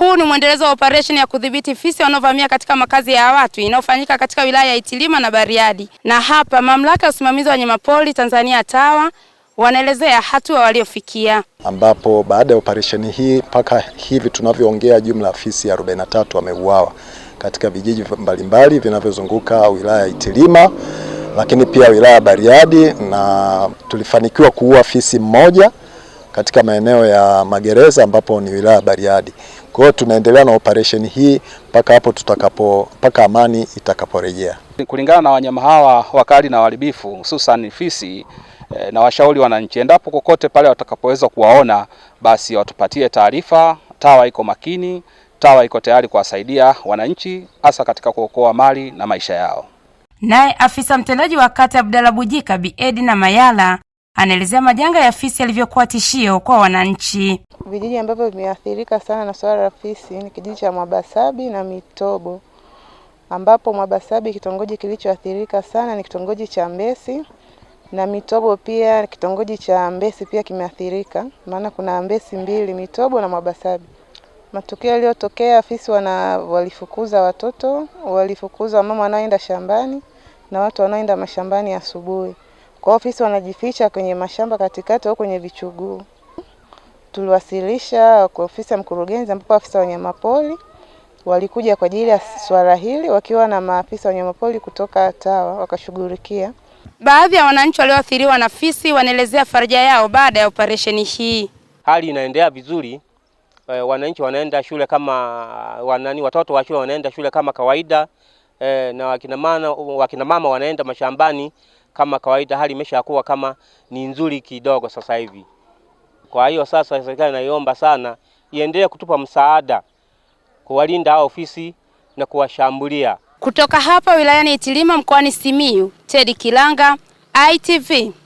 Huu ni mwendelezo wa operesheni ya kudhibiti fisi wanaovamia katika makazi ya watu inayofanyika katika wilaya ya Itilima na Bariadi, na hapa mamlaka ya usimamizi wa wanyamapori Tanzania TAWA wanaelezea hatua waliofikia, ambapo baada ya operesheni hii mpaka hivi tunavyoongea, jumla ya fisi 43 wameuawa katika vijiji mbalimbali vinavyozunguka wilaya ya Itilima lakini pia wilaya ya Bariadi, na tulifanikiwa kuua fisi mmoja katika maeneo ya magereza ambapo ni wilaya ya Bariadi. Kwa hiyo tunaendelea na operation hii mpaka hapo tutakapo mpaka amani itakaporejea. Kulingana na wanyama hawa wakali na waharibifu hususan fisi eh, na washauri wananchi, endapo kokote pale watakapoweza kuwaona, basi watupatie taarifa. TAWA iko makini, TAWA iko tayari kuwasaidia wananchi hasa katika kuokoa mali na maisha yao. Naye afisa mtendaji wa kata Abdalla Bujika Bi Edna Mayala anaelezea majanga ya fisi yalivyokuwa tishio kwa wananchi. Vijiji ambavyo vimeathirika sana na swala la fisi ni kijiji cha Mwabasabi na Mitobo, ambapo Mwabasabi kitongoji kilichoathirika sana ni kitongoji cha Mbesi na Mitobo pia kitongoji cha Mbesi pia kimeathirika, maana kuna Mbesi mbili, Mitobo na Mwabasabi. Matukio yaliyotokea, fisi wana walifukuza watoto, walifukuza mama wanaoenda shambani na watu wanaoenda mashambani asubuhi. Kwa ofisi fisi wanajificha kwenye mashamba katikati au kwenye vichuguu. Tuliwasilisha kwa ofisi ya mkurugenzi, ambapo afisa wa wanyamapori walikuja kwa ajili ya swala hili wakiwa na maafisa wa wanyamapori kutoka TAWA wakashughulikia. Baadhi ya wananchi walioathiriwa na fisi wanaelezea faraja yao baada ya operesheni hii. Hali inaendelea vizuri, e, wananchi wanaenda shule kama wanani, watoto wa shule wanaenda shule kama kawaida, e, na wakina mama, wakina mama wanaenda mashambani kama kawaida, hali imeshakuwa kama ni nzuri kidogo sasa hivi. Kwa hiyo sasa serikali naiomba sana iendelee kutupa msaada kuwalinda hao ofisi na kuwashambulia. Kutoka hapa wilayani Itilima mkoani Simiyu, Teddy Kilanga, ITV.